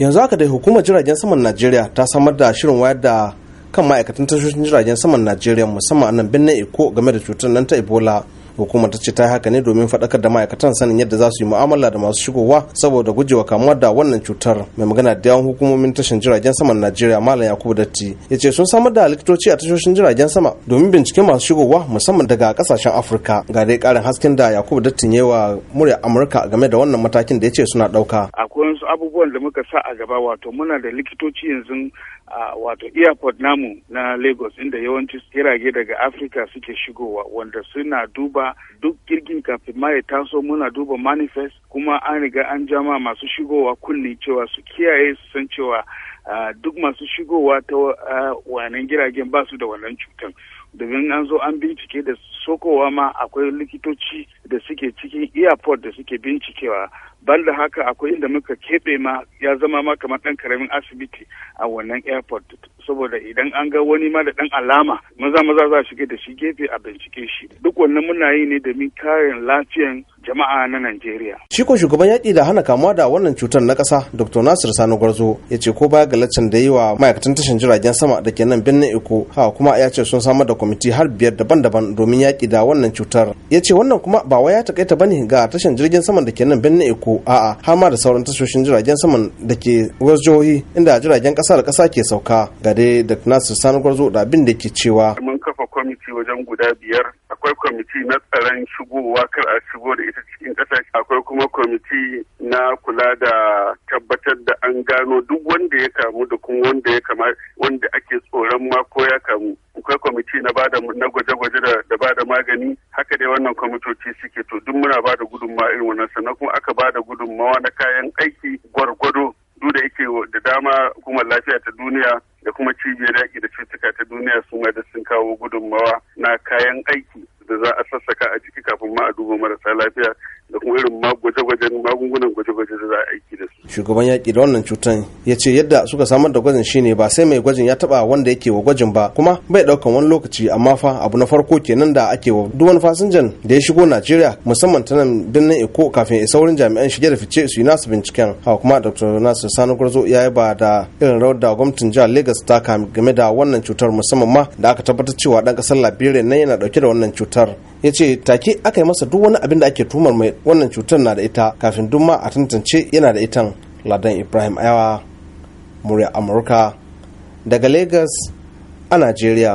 yanzu haka dai hukumar jiragen saman najeriya ta samar da shirin wayar da kan ma'aikatan tashoshin jiragen saman najeriya musamman a nan birnin eko game da cutar nan ta ebola hukumar ta ce ta haka ne domin faɗakar da ma'aikatan sanin yadda za su yi mu'amala da masu shigowa saboda gujewa kamuwa da wannan cutar mai magana da yawan hukumomin tashin jiragen saman najeriya malam yakubu datti ya ce sun samar da likitoci a tashoshin jiragen sama domin binciken masu shigowa musamman daga kasashen afirka ga dai karin hasken da yakubu dattin wa murya amurka game da wannan matakin da ya ce suna ɗauka akwai wasu abubuwan da muka sa a gaba wato muna da likitoci yanzu a wato airport namu na lagos inda yawanci jirage daga afirka suke shigowa wanda suna duba duk jirgin kafin ma ya taso muna duba manifest kuma an riga an jama masu shigowa kunni cewa su kiyaye su san cewa duk masu shigowa ta wannan jiragen ba su da wannan cutar domin an zo an bincike da sokowa ma akwai likitoci da suke cikin airport da suke bincikewa da haka akwai inda muka keɓe ma ya zama ma kamar ɗan karamin asibiti a wannan airport saboda idan an ga wani ma da ɗan alama maza maza za shige da shi gefe a bincike shi duk wannan muna yi ne domin kare lafiyan jama'a na Najeriya. Shi ko shugaban yaƙi da hana kamuwa da wannan cutar na ƙasa Dr. Nasir Sani Gwarzo ya ce ko baya galaccin da yi wa ma'aikatan tashin jiragen sama da ke nan birnin Eko haka kuma ya ce sun samar da kwamiti har biyar daban-daban domin yaƙi da wannan cutar. Ya ce wannan kuma ba wai ya ba ne ga tashin jirgin sama da ke nan birnin Eko a'a har ma da sauran tashoshin jiragen saman da ke wasu jihohi inda jiragen ƙasa da ƙasa ke sauka. Ga dai Dr. Nasir Sani Gwarzo da abin da ke cewa. Mun kafa kwamiti wajen guda biyar akwai kwamiti na tsaron shigowa kar a shigo da ita cikin ƙasa akwai kuma kwamiti na kula da tabbatar da an gano duk wanda ya kamu da kuma wanda ya kama wanda ake tsoron ma ko ya kamu akwai kwamiti na bada na gwaje-gwaje da bada magani haka dai wannan kwamitoci suke to duk muna bada gudunmawa irin wannan sannan kuma aka bada gudunmawa na kayan aiki gwargwado duk da yake da dama kuma lafiya ta duniya da kuma cibiyar yaƙi da cutuka ta duniya su ma da sun kawo gudunmawa na kayan aiki za a sassaka a ciki kafin ma a duba marasa lafiya da kuma irin gwaje magungunan gwaje-gwaje da za a aiki da su shugaban yaƙi da wannan cutan ya ce yadda suka samar da gwajin shine ba sai mai gwajin ya taba wanda yake wa gwajin ba kuma bai ɗaukan wani lokaci amma fa abu na farko kenan da ake wa duk wani fasinjan da ya shigo najeriya musamman ta nan birnin eko kafin ya saurin jami'an shige da fice su yi nasu binciken hawa kuma dr nasir sani gwarzo ya yi ba da irin rawar da gwamnatin jihar Legas ta kame game da wannan cutar musamman ma da aka tabbatar cewa ɗan ƙasar liberia nan yana ɗauke da wannan cutar ya ce take aka yi masa duk wani abin da ake tumar mai wannan cutar na da ita kafin duk ma a tantance yana da itan ladan ibrahim ayawa murya amurka daga lagos a najeriya